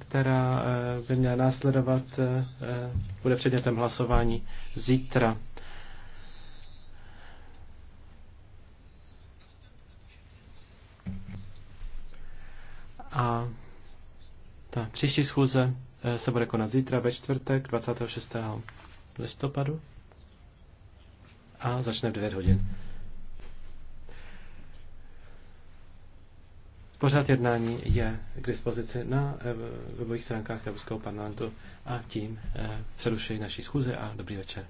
která eh, by měla následovat, eh, eh, bude předmětem hlasování zítra. A ta příští schůze se bude konat zítra ve čtvrtek 26. listopadu a začne v 9 hodin. Pořád jednání je k dispozici na eh, webových stránkách Evropského parlamentu a tím eh, přerušuji naší schůzi a dobrý večer.